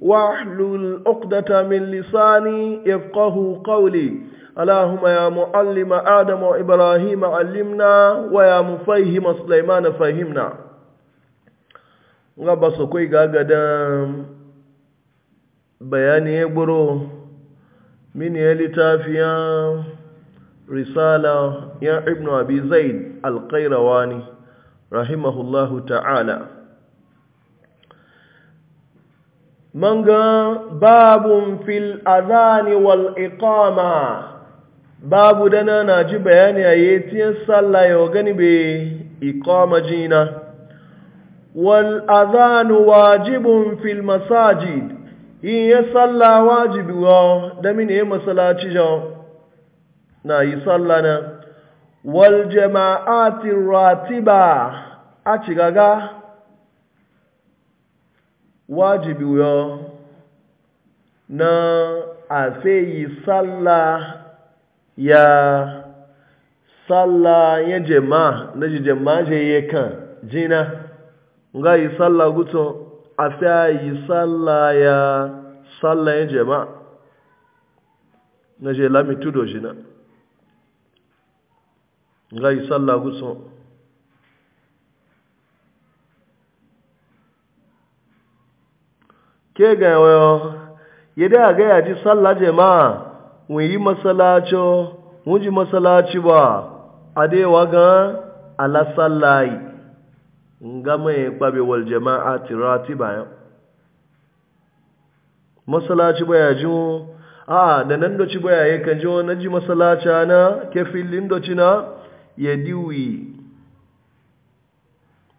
واحلل عقدة من لساني يفقه قولي اللهم يا معلم آدم وإبراهيم علمنا ويا مفهم سليمان فهمنا ngaba so koy gaga da bayani ya gburo mini ya litafiya risala ya ibnu abi zaid al rahimahullahu ta'ala manga babun fil azani wal iqama babu dana na ji bayani a yi tiyan sallah yau gani be iqama jina wal azanu wajibun fil masajid in ya sallah wajibi wa da mini ya masalaci jan na yi sallah na wal jama'atin ratiba a cigaga wajibi yo na afeyi salla ya salla ya jema na ji jema je ye kan jina nga yi salla guto afeyi salla ya salla ya jema na je lami tudo jina nga yi salla guto ke ga yawo yadda ga ya ji sallah jama'a mun yi masalacho mun ji masalaci ba adewa ga ala sallai nga mai kwabe wal jama'a tirati bayan masalaci ba ya ji a da nan doci ba ya kan na ji masalaci na kefilin filin doci na ya diwi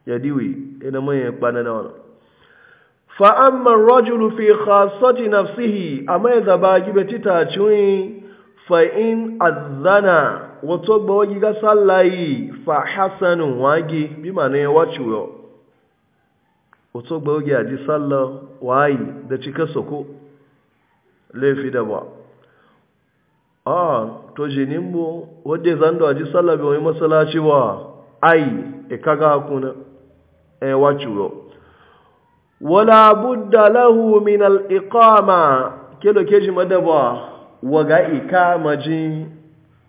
ya diwi ina e mai kwana na fa amma rajulu fi khasati nafsihi amma mai zaba gibe tita fa in azana wato wagi ga sallayi fa hasanu wagi bi ma ne wace yau wato gbawa a ji sallar wayi da cika soko laifi da ba a to jinin bu wadda zando a ji salla bai wani masalaci ba ai e kaga kuna e wace yau wala budda lahu min al-iqama kelo keji madaba waga ga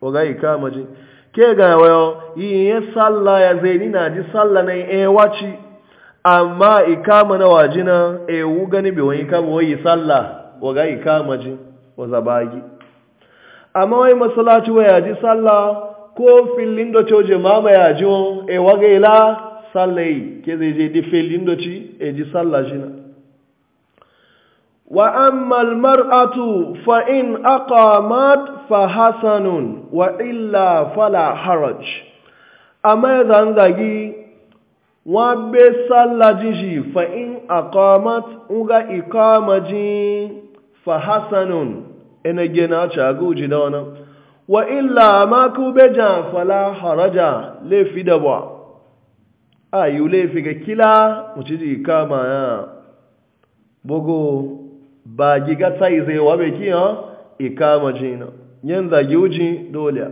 waga ikamaji ke ga wayo yin sallah ya zaini na ji sallah na e wachi amma ikama na wajina e wuga ni bi wani kama wayi sallah waga ikamaji wazabagi amma wai masallaci waya ji sallah ko filin da coje mama ya ji e waga ila sallai yi ke zai je dife lindoci e ji sallah na wa ammal mar'atu fa in aqamat fa hasanun wa illa fala haraj amma zan zagi wa be sallah ji fa in aqamat uga iqamaji fa hasanun ene gena cha guji da wa illa ma ku be jan fala haraja le fidawa da ba a yi laifi ga kila mutu ji kama ya bugu ba giga tsayi zai wabe kiya ikama jina yin zagi wuce dole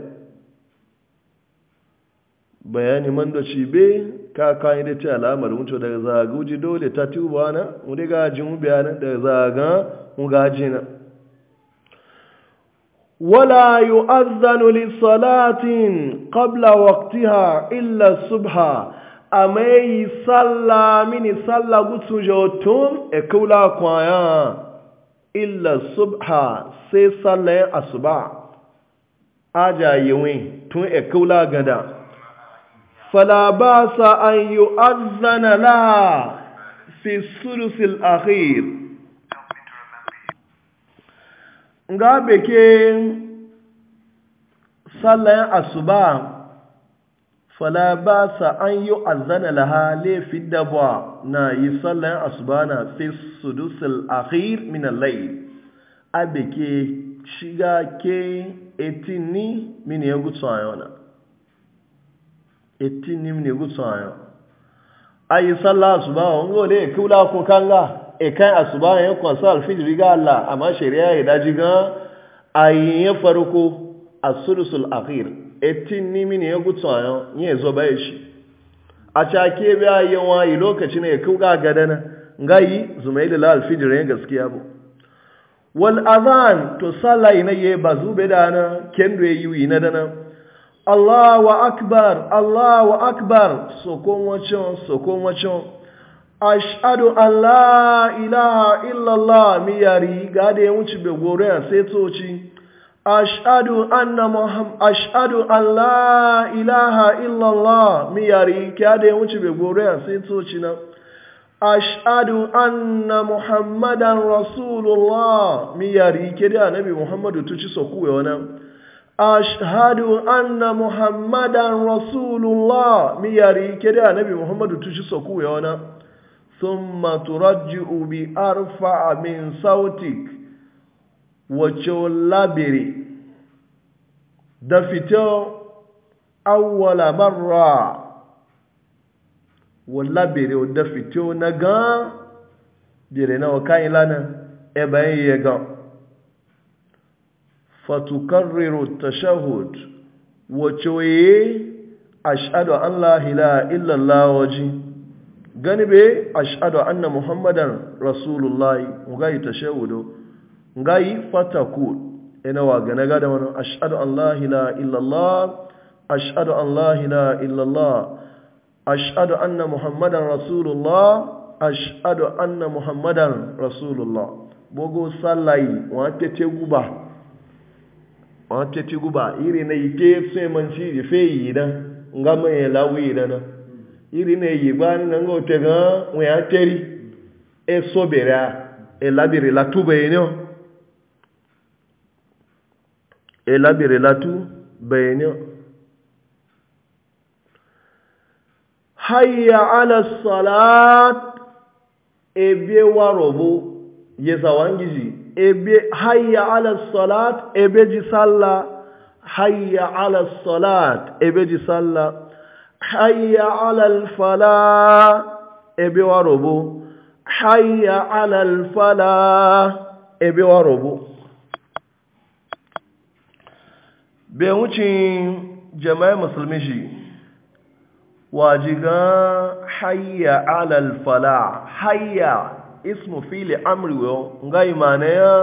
bayani man da shi be ka kayi da ta alamar mutu daga zaga uji dole ta tuba na wani gajin ubiya na daga zaga ugaji na ولا يؤذن للصلاه قبل وقتها الا الصبح ama salla mini salla gutsu jotum e kula kwaya illa subha sai sallayen asuba aja yiwin tun e kula gada fala ba sa an yi azana la fi sulusil akhir nga beke sallayen asuba fala ba sa an yi azana laha laifin da ba na yi sallan asubana fi sudusul akhir min al-layl abeke shiga ke etini min ya gutsu ayona etini min ya gutsu ayon ayi sallan asuba on go le kula ko kanga e kan asuba yan ko sal fijri ga Allah amma shari'a ya daji ga ayi ya farko as-sudusul akhir etin ni mini ya gutsa a ni ya zo bai shi a cake biya yawa yi lokaci ne ya kuga ga ngayi zumai da lal fijir ya gaskiya bu wal azan to sallah ina ba zube da na kendo ye yi na dana Allahu akbar Allahu akbar sokon wacin sokon wacin ashhadu an la ilaha illa Allah mi yari gade wuci be gore sai ashadu anna muhammad ashadu an la ilaha illallah mi yari ki ade wuce be gore a sai to ci nan ashadu anna muhammadan rasulullah mi yari ki da annabi muhammad to ci soku we wannan ashadu anna muhammadan rasulullah mi yari ki da annabi muhammad to ci soku we wannan thumma turajju bi arfa min sautik wace labiri da fito awwala marra labiri da fito na gan bire na wakan ilana ebayin ya ga fatukarriru tashahud wacce yi ashadu an ila illallah waji gani be ashadu anna muhammadan rasulullahi mugayi tashahudu ngai fatakul ina wa gane gada wani ashadu an la ila illallah ashadu an la ila illallah ashadu anna muhammadan rasulullah ashadu anna muhammadan rasulullah bogo sallayi wa tete guba wa tete guba iri na ike sai manci da feyi na nga mai lawi na na iri na yi ba na nga ote ga wa teri e sobera e labiri latuba ne e labire latu bayani hayya ala salat ebe warobo yesawangiji ebe hayya ala salat ebe ji salla. hayya ala salat ebe ji salla hayya ala alfala ebe warobo hayya ala alfala ebe warobo bai wucin jama'i musulmi shi wajiga hayya alal fala hayya ismu fili amri wo nga imana ya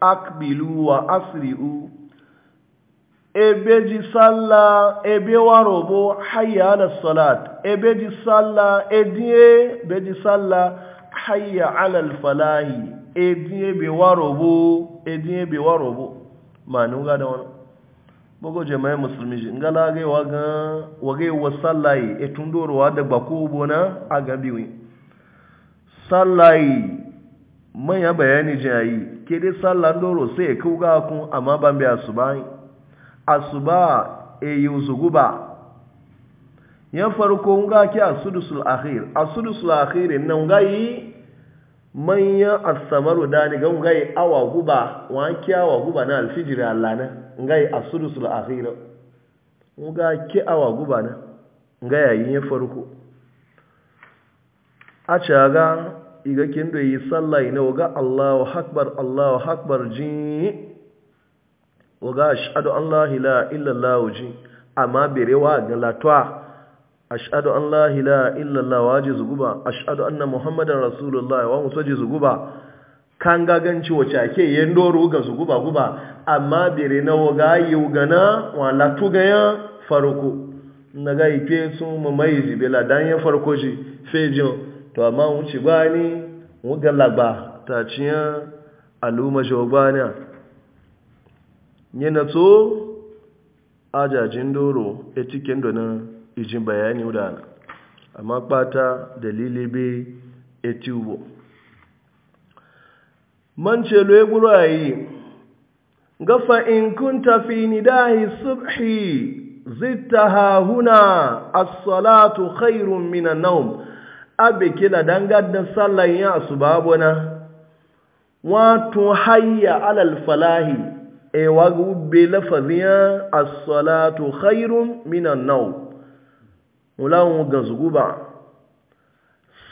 akbilu wa asri'u ebe ji salla ebe wa robo hayya ala salat ebe ji salla ediye be ji salla hayya alal falahi ediye be wa robo ediye be wa robo manu ga da wannan bugu jama'ai musulmi shi ngala ga waga wa sallayi e tun dorowa da bako bona a gabiwi sallayi manya bayani jayi ke dai sallan doro sai ya e kauga kun amma ban bi asuba asuba e yuzuguba yan farko nga ki asudusul akhir asudusul akhir e nan ga yi manyan asamaru da ni ga ngai awa guba wa awa guba na alfijiri Allah na ngai asudusul akhira nga ki awa guba na ngai yayin ya farko a caga iga kin do yi sallah ina waga Allahu akbar Allahu akbar ji waga ashhadu an la ilaha illa Allah ji amma berewa ga latwa ashadu an la illallah wa ji zuguba ashadu na muhammadan rasulullah wa musa ji zuguba kan gaganci wace ake yin doro ga zuguba guba amma bere na waga yi wugana wa latu ga ya farko na ga ife sun mamaye zibela dan ya farko shi fejin to amma wuce ba ni wuga lagba ta ciyan al'umma shawbana yana to ajajin doro etikin donan ijin bayani udana amma kpata dalili be eti ubo man ce yi, gafa in kunta fi nidahi subhi zittaha huna as-salatu khairun min an-nawm abe kila dangadda sallan ya asubabuna wato hayya alal falahi e wagu be lafaziya as-salatu khairun min an mulawun ga zuguba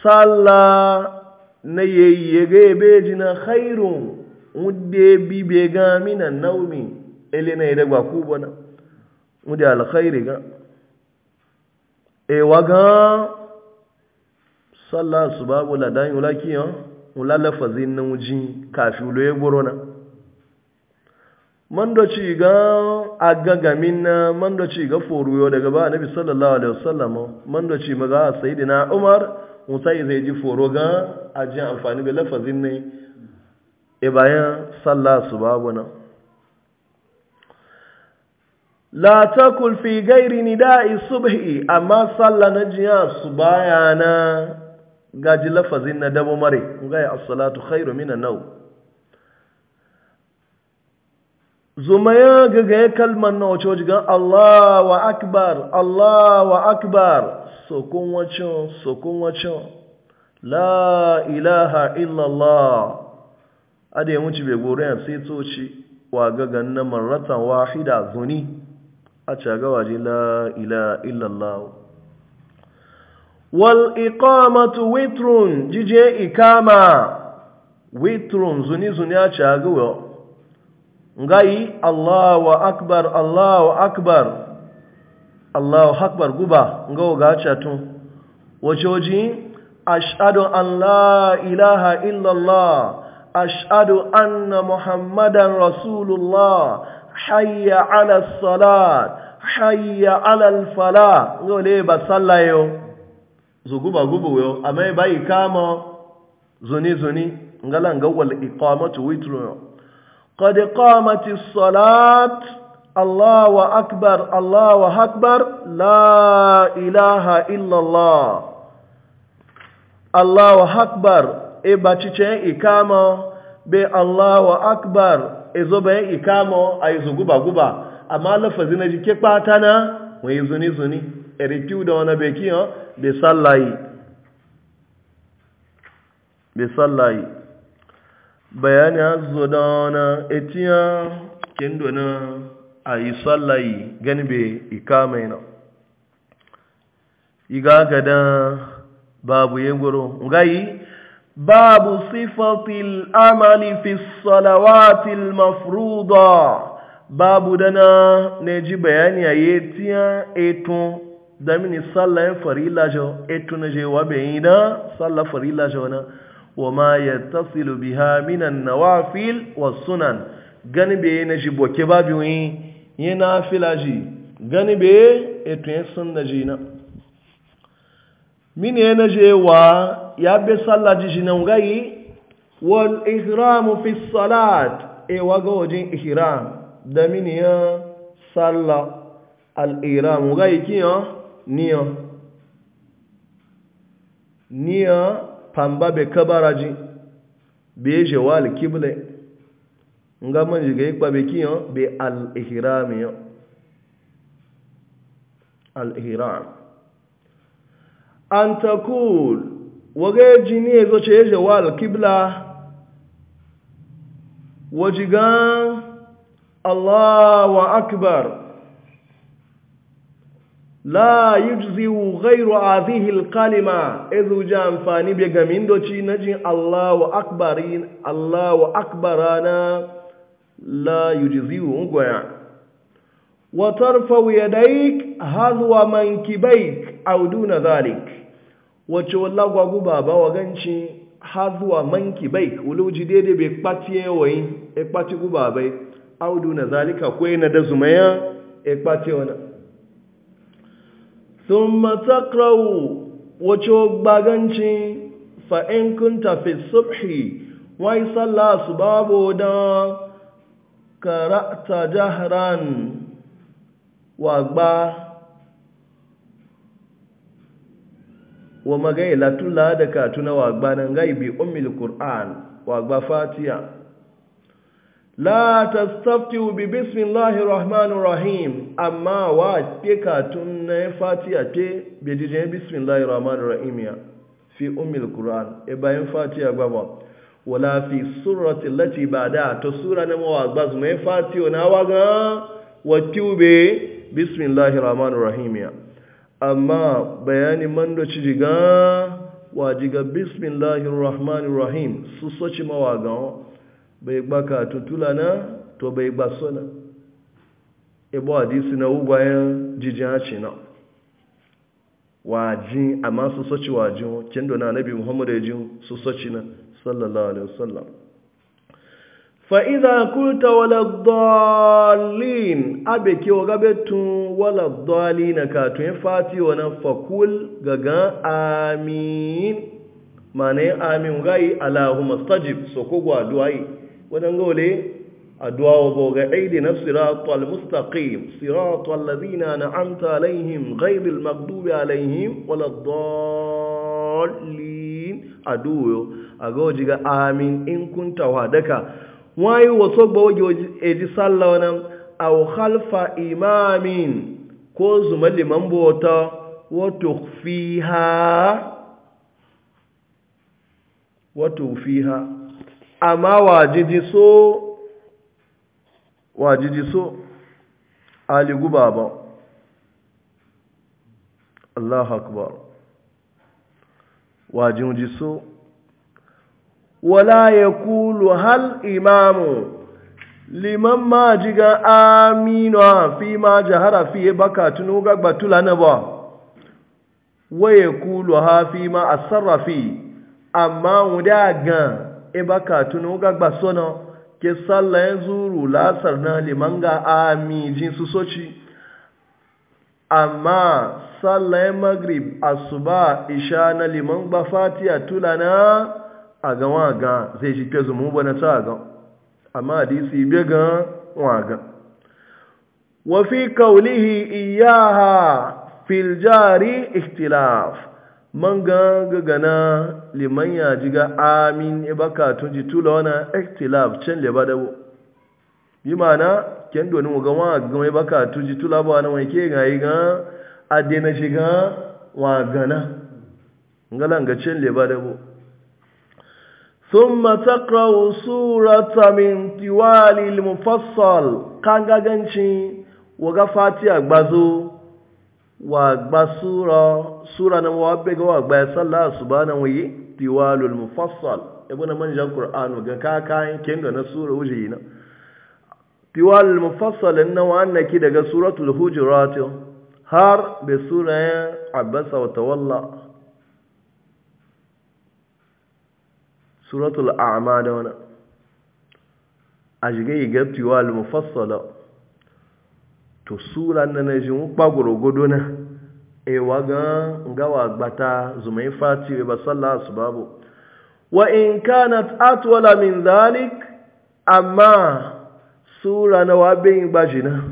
salla na yayyage beji na khairun wudde bi be ga mina naumi ele na ida gba ku bona wudde alkhairi ga e waga salla subabu ladan yulaki yan ulala fazin nan wuji kafi ulo e gorona ci ga agagamin na ci ga foruyo daga ba nabi sallallahu alaihi wasallam ci maga sayyidina umar Musa zai ji foro ga aje amfani da lafazin ne e bayan sallah su babu nan la takul fi ghairi nida'i subhi amma sallah na jiya su baya na gaji lafazin na dabo mare ga as-salatu khairu minan nawm zumaya gaga ya kalmar na wace wajen Allah wa akbar Allah wa akbar sokun wacin sokun wacin la ilaha illallah ada ya muci bai gore yan sai toci wa gaga na marratan wahida zuni a caga waje la ilaha illallah wal iqamatu witrun jije ikama witrun zuni zuni a caga wa ngai allahu akbar allahu akbar allahu akbar guba ngo gacha tun wajoji ashhadu an la ilaha Allah ashhadu anna muhammadan rasulullah hayya ala salat hayya ala fala ngo le ba sallayo zuguba gubu yo amai bai kama zuni zuni ngala ngawal iqamatu witru قد قامت الصلاة الله أكبر الله أكبر لا إله إلا الله الله أكبر إبا تشين إكاما بي الله أكبر إذا بي إكاما أيزو غبا غبا أما لفظنا جي كيباتنا ويزوني زوني إريكيو دوانا بيكي بيصلي بيصلي bayani azo da wana etiya kendo na a yi sallayi gani be ikama yana iga gada babu yin goro ngayi babu sifatil amali fi salawatil mafruda babu dana ne ji bayani a yi etiya eto da mini sallayin farilajo eto na je wa bayi na sallar farila na Wama ya وما يتصل بها من النوافل والسنن gani be na ji boke babu yi yi na filaji gani bai eto yin sun na ji na mini yana na je wa ya be sallaji ji nan gayi wal ihramu fi salat e wa ga wajen ihram da mini ya salla al ihramu gayi kiyo niyo niyo pamba be kabaraji be jewal kible nga man jiga ikpa be kiyo be al ihram yo al ihram antakul takul wage jini ezo che jewal kibla wajigan Allahu akbar la yujziu ghairu hadhihi alkalima idhu ja amfani be gamin doci naji Allahu akbarin Allahu akbarana la yujziu ngoya wa tarfau yadayk hazwa mankibayk aw duna dhalik wace wallahi gwagu baba wa ganci hazwa mankibayk uluji dede be patiye wayin e pati gubabai aw duna zalika ko ina da zumaya e pati wana thumma taqra'u wacho baganci fa in kunta wai sallah su babu da karata jahran wa gba wa magai latula da katuna wa gba nan gaibi ummil qur'an la tastaftihu bi bismillahi rahmanu rahim amma wa ke katun na fatiha ke bejije bismillahi rahmanu rahim ya fi umil qur'an e bayan fatiha gbaba wala fi surati lati ba da ta sura na mawa gbaz mai fatiha na waga wa tube bismillahi rahmanu rahim ya amma bayani mando ci diga wa diga bismillahi rahmanu rahim su soci mawa ga bai gba ka tutula na to bai gba na. ebo hadisi na ugwayen jijin haci na waji amma su soci wajin kendo na nabi muhammadu ya jin su soci na sallallahu alaihi wasallam fa'iza kulta wala dalin abe ke waga betun wala dalin ka tun fati wani fakul gagan amin yi amin gai alahu mastajib so ko gwado duwaye waɗanga wale a duwawa boga aidi na siratul mustaqim siratul ladina na'amta alaihim ghairil maghdubi alaihim waladdallin addu'o a ga amin in kunta wadaka wayi wato ba waje eji e sallah aw khalfa imamin ko zuma liman bota wato fiha wato fiha amma wajiji so wajiji so aligu baba Allah akbar wajiji so wala kulu hal imamu liman ma jiga amina fi ma jahara fi baka tunu gagba tulana ba ya kulu ha fi ma asarrafi amma wuda gan e ka tunu ga gba sona ke sallah zuru lasar na liman ami jin su soci amma sallah ya maghrib asuba isha na liman ba fatiha tulana a ga waga zai ji ke zumu bana ta ga amma hadisi bi ga waga wa fi qawlihi iyaha fil jari ikhtilaf man ga gana liman ya ji ga amin ibaka tun ji tula wana ectilab can lebadabo bi mana ken doni mu ga wa ga mai baka tun ji tula ba na mai ke ga yi ga ade na shiga wa gana ngalan ga can lebadabo thumma taqra'u surata min tiwali al-mufassal kanga ganci wa ga fatiha gbazo wa gba sura na wa be wa gba sallah subhanahu wa ta'ala tiwalul mufassal ibn manjan qur'an ga ka kayan kinga na sura wuji na tiwalul mufassal na wannan ki daga suratul hujurat har bi sura abasa wa tawalla suratul a'ma da wannan ga tiwalul mufassal to sura nan ne jin kwagoro godona ewa ga gawa gbata zumai fati ba sallah su babu wa in kanat atwala min zalik amma sura na wa bin gbajina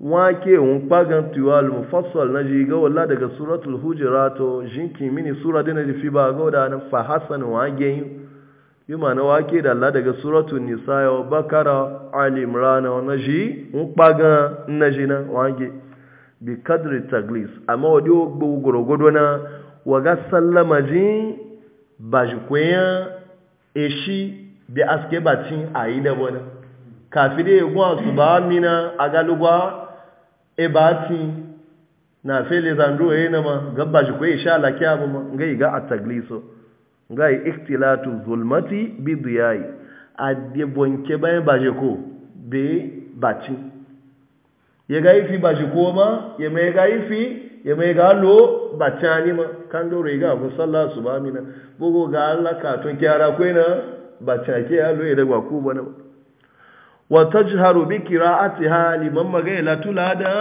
wake un pagan tiwal mufassal na ji ga walla daga suratul hujurato jinki mini sura dina da fi ba ga da na fa hasan wa gen yi ma na wake da Allah daga suratul nisa ya bakara ali imran na ji un pagan na ji na wage bi kadri taglis amma wadi ogbo gwargwado na waga sallama ji ba eshi bi aske bacin a yi da wani kafi da ya gwa su ba mina a galugwa e na felizandro ya yi na ma gaba shi kwenya sha laki abu ma ga yi ga a tagliso ga yi iktilatu zulmati bi duyayi a bonke bayan baje bi ya ga ifi ba shi koma ya mai ga ifi ya mai ga lo ba cani ma kan doro ya ga gun sallah su ba mina bugu ga Allah ka to kyara kwai na ba ke ya lo ya da ku ba na wa tajharu bi qira'atiha liman magai la tulada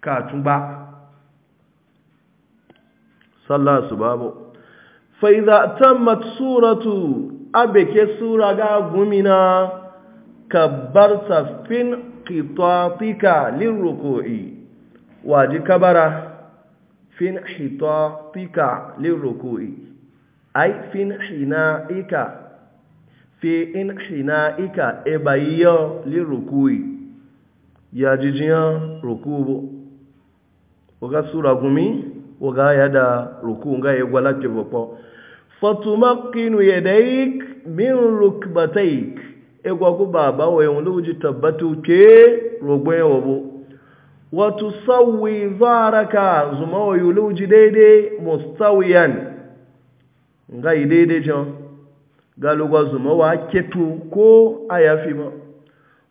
ka ba sallah su ba bo fa idza tammat suratu abeke sura ga gumina bar fin qitatika lirruku'i waji kabara fin hitatika lirruku'i ai fin hinaika fi in hinaika ebayiyo lirruku'i jijiya rukubu oga sura gumi oga yada ruku nga egwala popo fatumakkinu yadaik min rukbatayk egwa ku baba wa yin luji tabbatu ke rogbe wabo wa tusawwi zaraka zuma wa yuluji zumawa mustawiyan ngai daidai jan galugwa zuma wa ketu ko ayafi ma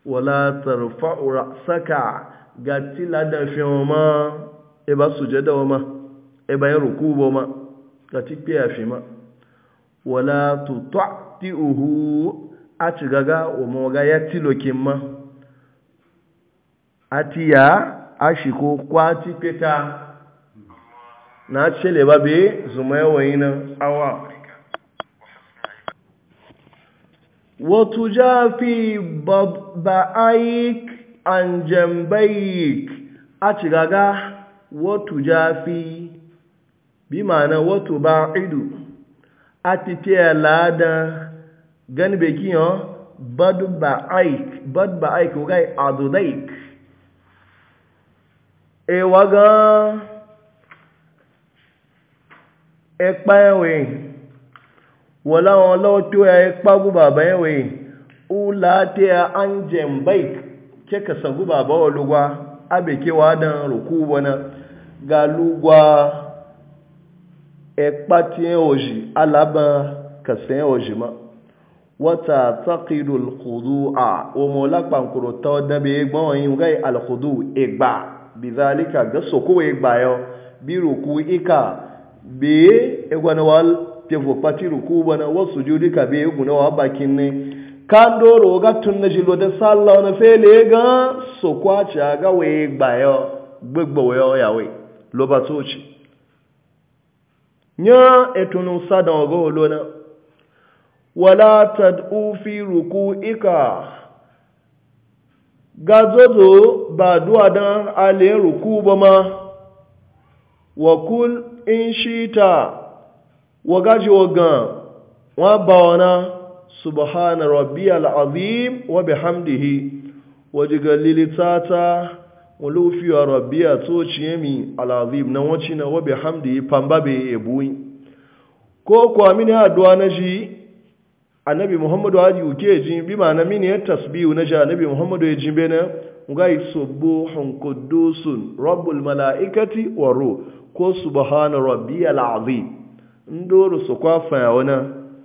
wala tarfa'u ra'saka gatila da fi ma e ba sujada wa ma e ba yin bo ma gati pe afi ma wala uhu. a ci gaga umoga ya tilokin ma a ti ya a shi ko kwati fita na cele ba be zuma yawayi na awa watu jafi ba'ayik an jambayik a ci gaga watu jafi bi ma'ana watu ba'idu a titiyar ladan gani bai kiyan badu ba aik badu ba aik wugai adudaik e waga ẹpa e ẹwẹ wọlá wọn lọ́wọ́ tí ó yà ẹpa e gúbà bá ẹwẹ ụlọ àti anjem baik kẹkẹsà gúbà bá ọlọ́gbà abèkéwà dán rùkú wọn galugwa ẹpa tí ẹ òjì alábà kàsẹ̀ òjì wata taqidu alkhudu'a o mo la pankuro to dabe gbon yin gai al-khudu igba bizalika gaso ko igba yo biru ku ika be egwana wal vo patiru ku bana wasujudi ka be guna wa bakin ne kan doro ga tun na jilo da sallah na fele ga so cha ga we igba yo gbegbo yo yawe lo chi nya etunu sadan ogo lona wala tad'u fi ruku'ika gazozo ba duwa don aliyin ruku ba ma wa kul in shita wa gaji wa gan wa ba wana subhana rabbiyal azim wa bihamdihi wa jigalilitata wa lufiya rabbiya to ciyemi al azim na wacina wa bihamdihi pambabe ebuyi ko kwa mini aduwa na shi annabi muhammadu wa uke ji bi ma na mini ya tasbihu na ja annabi muhammadu ya ji na ngai subuhun qudusun rabbul malaikati wa ru ko subhana rabbiyal azim ndoro su kwafa ya wana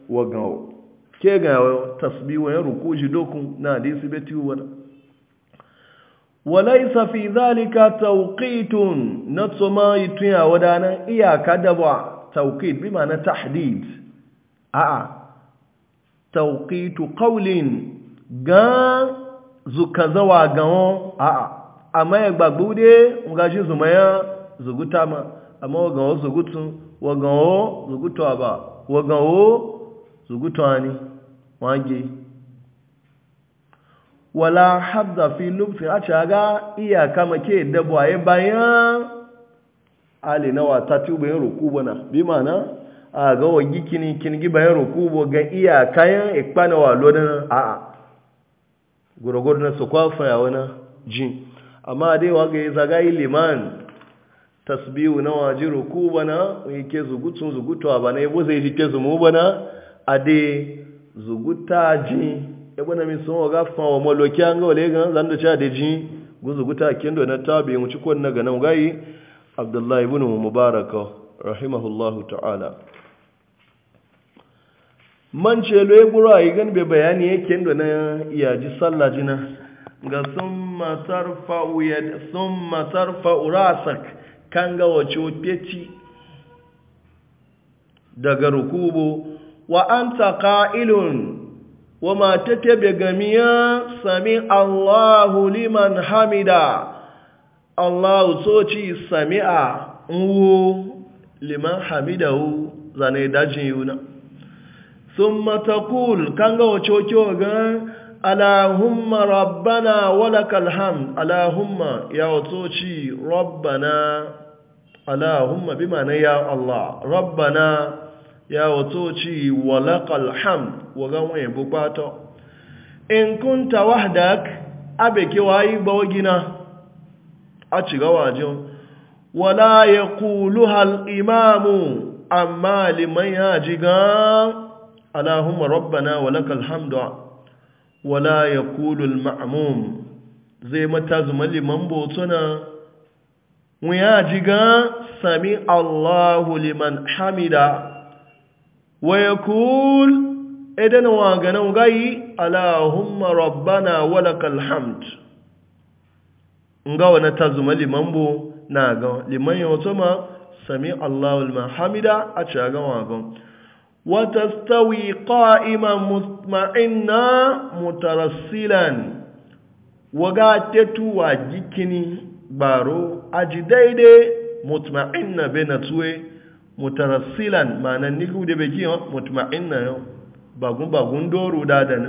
wa gawo ke ga tasbihu ya rukuji dokun na disi beti wa walaisa fi dhalika tawqitun natsoma ya wadana iyaka da tawqit bi ma na tahdid a'a tauqitu qawlin ga zuka zawa gawon a'a amma ya gbagbo de nga shi zuma ya zuguta ma amma wa gawo zugutu wa gawo zugutu ba wa gawo zugutu ani wange wala hadda fi lubfi a caga iyaka make ya bayan ali na wata yin ruku bana bi ma'ana a ga wagi kini gi bayan rukubo ga iya kayan ikpana wa lodin a a gurgur na su kwafa ya wani ji amma dai waga zaga yi liman tasbihu na waji rukuba na ke zugutun zugutuwa ba na yabo zai jike zumu ba na a dai zuguta ji yabo na misun wa gafa wa maloki an ga wale gan zan da cha da ji guzuguta kendo na tabi mu ci kon na ga nan gayi abdullahi ibn mubarak rahimahullahu ta'ala man ce lo ya gura yi gan bai bayani yake da na yaji sallah jina ga sun matar fa'uyad sun matar kan ga wace feci daga rukubu wa an ta ka'ilun wa ma tatabe gamiya sami Allahu liman hamida Allahu soci sami'a nwo liman hamida hamidahu zane dajin yuna sun matakul kan ga wacoke wagan alahumma rabbana walakal ham alahumma ya wacoci rabbana alahumma bi mana ya Allah rabbana ya wacoci walakal ham wagan wani bukato in kun ta wahdak abeke wayi bawagina a ci gawa jin wala ya kulu hal imamu amma liman ya ji اللهم ربنا ولك الحمد ولا يقول المعموم زي متى زملي من بوتنا وياجيغا سمي الله لمن حمد ويقول idan wagana gai alahumma rabbana walakal hamd nga wana tazuma liman bu na ga liman yato ma sami allahul mahamida a ci ga وتستوي قائما مطمئنا مترسلا وقاتتو وجكني بارو اجديد مطمئنا بنتوي مترسلا ما نيكو دي بجي مطمئنا باغون باغون دورو دادن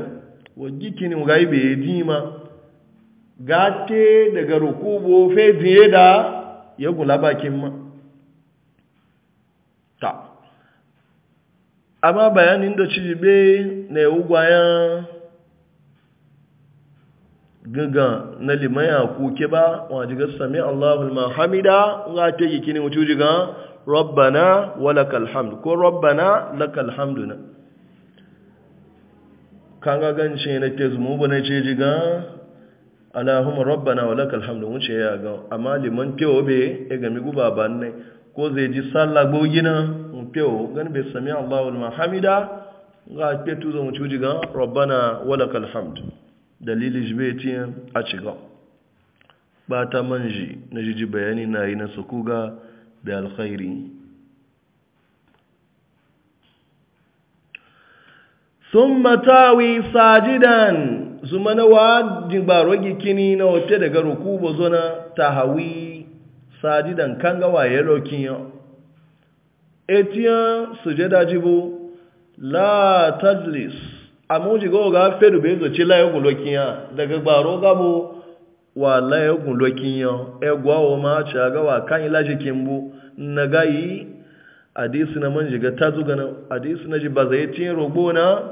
وجكني وغايب يديما gate daga rukubo fe da ya gula bayani bayanin da be na yau ya gaga na limaya koke ba waje ga sami Allahul Mahamida ga ta yi kini mutu jiga rabbana wa lakal hamdu ko rabbana lakal hamdu na kan gagan ce na ke zumu ba na ce jiga Allahumma rabbana wa lakal hamdu mun ce ya ga amma liman kewa be ya gami guba ba ne ko zai ji sallah gboginan mfewo gan bai sami allahu mahamida ga ke tuzo mu cuji ga rabbana wala hamd dalili shi bai a shiga. ba ta manji na jiji bayani na yi na ga da alkhairi sun matawi sajidan zuma na wajen gikini na wace daga ruku bozona hawi. sajidan kanga waye lokin etiyan sujada jibu la tajlis amuji go ga fedu be zo chila yogun lokin ya daga gbaro gabo wa la yogun lokin ya egwa o ma cha ga wa kan ila jikin bu nagayi hadisi na man jiga na hadisi na jiba zai tin rogo na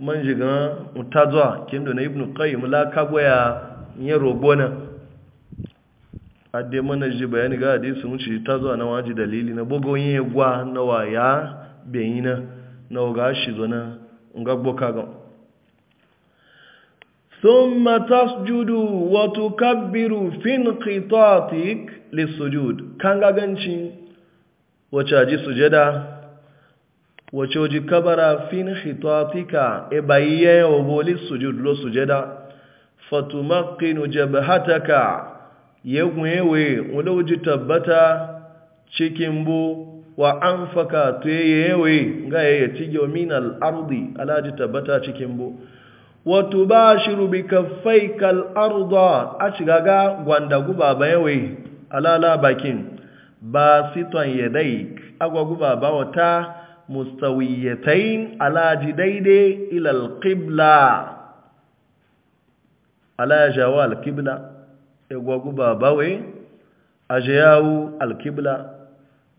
man jiga mutazwa kindo na ibnu qayyim la kagwaya yin rogo na adde mana ji bayani ga hadisi mun ci ta zuwa na waji dalili na bogon ya gwa na waya bayina na ga shi zona nga boka ga thumma tasjudu wa tukabbiru fi inqitatik lisujud kanga ganci wace ji sujada wace ji kabara fi inqitatika e bayiye oboli sujud lo sujada fatumaqqinu jabhataka ya gwewe wulauji tabbata cikin bu wa an faka to yewe ga ya tige min al-ardi alaji tabbata cikin bu wa tubashiru bi kaffayka arda a ga gwanda guba bayewe alala bakin ba siton yadai agwa guba ba wata mustawiyatain alaji daidai ila al-qibla ala al-qibla egwagu babawe aje je yawo alkibla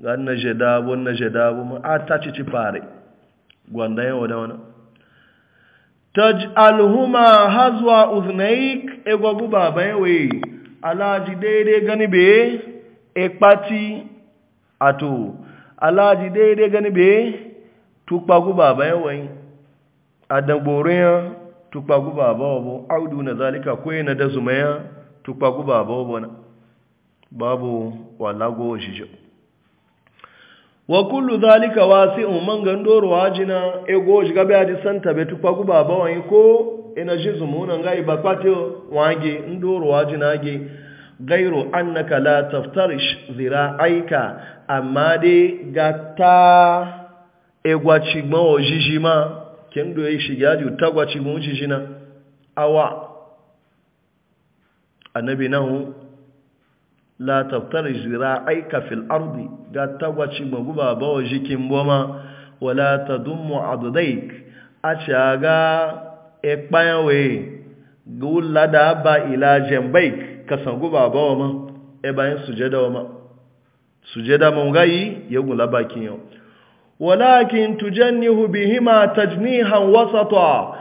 ga na je dabo na je dabo ma a ta ci ci fare gwanda yawa da wani taj'alhuma hazwa uznaik egwagu babawe alaji daidai gani be ekpati ato alaji daidai gani be tukpagu babawe ya tukpagu babawa bu audu na zalika kwe na da ya. tukpa ku baba obona babu walago ojijo wa kullu dhalika wasi'un man gandoro wajina ego jiga be adi santa be tukpa ku baba wanyi ko ina e jizu muna ngai bakwate wange ndoro wajina ge gairo annaka la taftarish aika amma dai gata egwachigbon ojijima kendo e shiga ju tagwachigbon ojijina awa annabi nan la taftar zira aika fil ardi ga tagwaci maguba bawa jikin boma wala ta dummu adudaik a ci ga ekpanwe gula da ba ila jembaik kasan guba bawa ma e bayan sujeda ma sujeda ma ya gula bakin yau walakin tujannihu bihima tajnihan wasata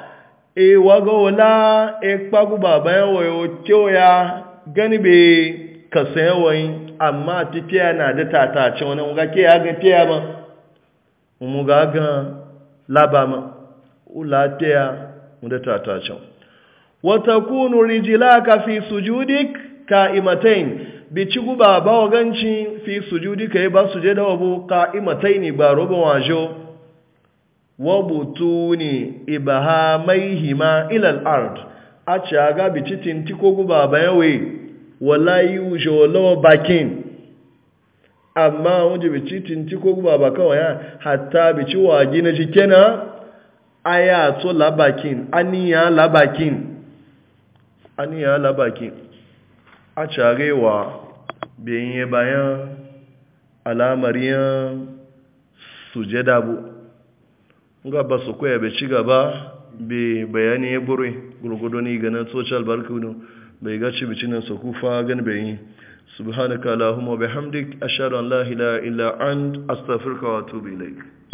e wago wala e kpagu baba ya wayo cewa ya gani be ka saya wayi amma titiya na da tata ce wani muga ke ya ga tiya ma muga ga laba ma ula tiya da tata ce wata kunu ka fi sujudik ka imatain bi ci guba ba ganci fi sujudika ya ba sujeda wa bu ka imatain ba roba wajo wa butuni ibahamaihima ila al a ci bi citin ti ko guba bayan we wala yuje bakin amma wuje bi citin ti ba kawai hatta bi ci wa gina ji kenan aya labakin aniya labakin aniya labakin a ci bayan alamariyan sujeda bu ga ba su koya bai ci gaba bai bayani ya bure gurgudu ne ganin social barkudu bai gaci bicinan su kufa bai yi, subhanaka allahumma bihamdik ashhadu an la ila ila and astaghfiruka wa tubi ilaik